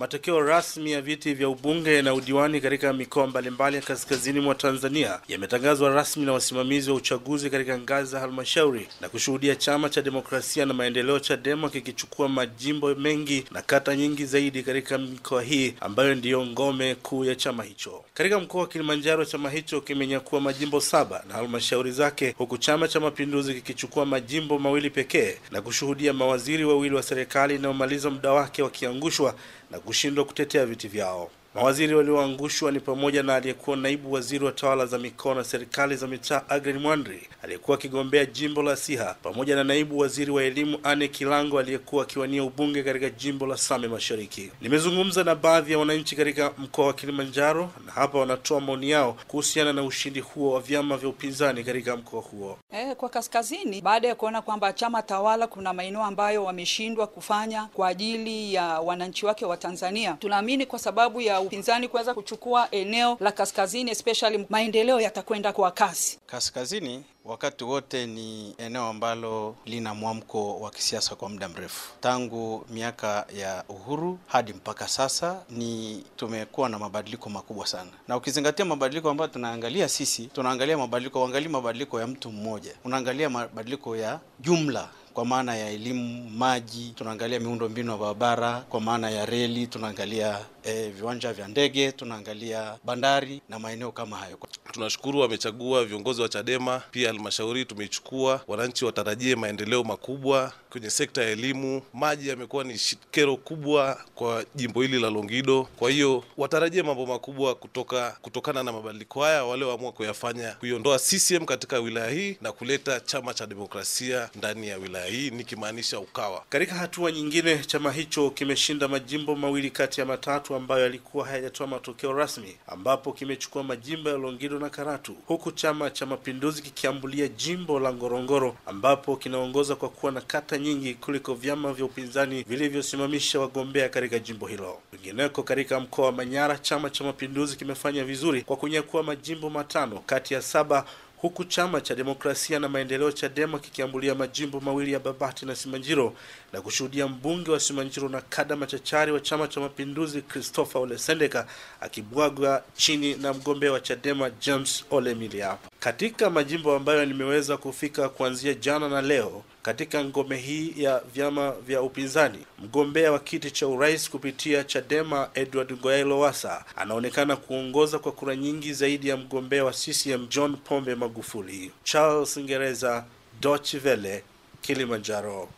Matokeo rasmi ya viti vya ubunge na udiwani katika mikoa mbalimbali ya kaskazini mwa Tanzania yametangazwa rasmi na wasimamizi wa uchaguzi katika ngazi za halmashauri na kushuhudia Chama cha Demokrasia na Maendeleo CHADEMA kikichukua majimbo mengi na kata nyingi zaidi katika mikoa hii ambayo ndiyo ngome kuu ya chama hicho. Katika mkoa wa Kilimanjaro, chama hicho kimenyakua majimbo saba na halmashauri zake, huku Chama cha Mapinduzi kikichukua majimbo mawili pekee na kushuhudia mawaziri wawili wa serikali inayomaliza muda wake wakiangushwa na kushindwa kutetea viti vyao. Mawaziri walioangushwa ni pamoja na aliyekuwa naibu waziri wa tawala za mikoa na serikali za mitaa Agren Mwandri aliyekuwa akigombea jimbo la Siha pamoja na naibu waziri wa elimu Anne Kilango aliyekuwa akiwania ubunge katika jimbo la Same Mashariki. Nimezungumza na baadhi ya wananchi katika mkoa wa Kilimanjaro na hapa wanatoa maoni yao kuhusiana na ushindi huo wa vyama vya upinzani katika mkoa huo. Eh, kwa kaskazini, baada ya kuona kwamba chama tawala kuna maeneo ambayo wameshindwa kufanya kwa ajili ya wananchi wake wa Tanzania, tunaamini kwa sababu ya upinzani kuweza kuchukua eneo la kaskazini, especially maendeleo yatakwenda kwa kasi. Kaskazini wakati wote ni eneo ambalo lina mwamko wa kisiasa kwa muda mrefu, tangu miaka ya uhuru hadi mpaka sasa, ni tumekuwa na mabadiliko makubwa sana, na ukizingatia mabadiliko ambayo tunaangalia sisi, tunaangalia mabadiliko, uangalii mabadiliko ya mtu mmoja, unaangalia mabadiliko ya jumla kwa maana ya elimu, maji, tunaangalia miundo mbinu ya barabara kwa maana ya reli, tunaangalia eh, viwanja vya ndege, tunaangalia bandari na maeneo kama hayo. Tunashukuru wamechagua viongozi wa Chadema, pia halmashauri tumeichukua. Wananchi watarajie maendeleo makubwa kwenye sekta ya elimu. Maji yamekuwa ni kero kubwa kwa jimbo hili la Longido, kwa hiyo watarajie mambo makubwa kutoka kutokana na mabadiliko haya walioamua kuyafanya, kuiondoa CCM katika wilaya hii na kuleta chama cha demokrasia ndani ya wilaya hii nikimaanisha Ukawa. Katika hatua nyingine, chama hicho kimeshinda majimbo mawili kati ya matatu ambayo yalikuwa hayajatoa matokeo rasmi, ambapo kimechukua majimbo ya Longido na Karatu, huku Chama cha Mapinduzi kikiambulia jimbo la Ngorongoro ambapo kinaongoza kwa kuwa na kata nyingi kuliko vyama vya upinzani vilivyosimamisha wagombea katika jimbo hilo. wengineko katika mkoa wa Manyara, Chama cha Mapinduzi kimefanya vizuri kwa kunyakua majimbo matano kati ya saba huku chama cha demokrasia na maendeleo Chadema kikiambulia majimbo mawili ya Babati na Simanjiro na kushuhudia mbunge wa Simanjiro na kada machachari wa chama cha mapinduzi Christopher Ole Sendeka akibwagwa chini na mgombea wa Chadema James Ole milia Katika majimbo ambayo nimeweza kufika kuanzia jana na leo katika ngome hii ya vyama vya upinzani. Mgombea wa kiti cha urais kupitia Chadema Edward Ngoyai lowasa anaonekana kuongoza kwa kura nyingi zaidi ya mgombea wa CCM John Pombe Magufuli. Charles Ngereza, dochvele Kilimanjaro.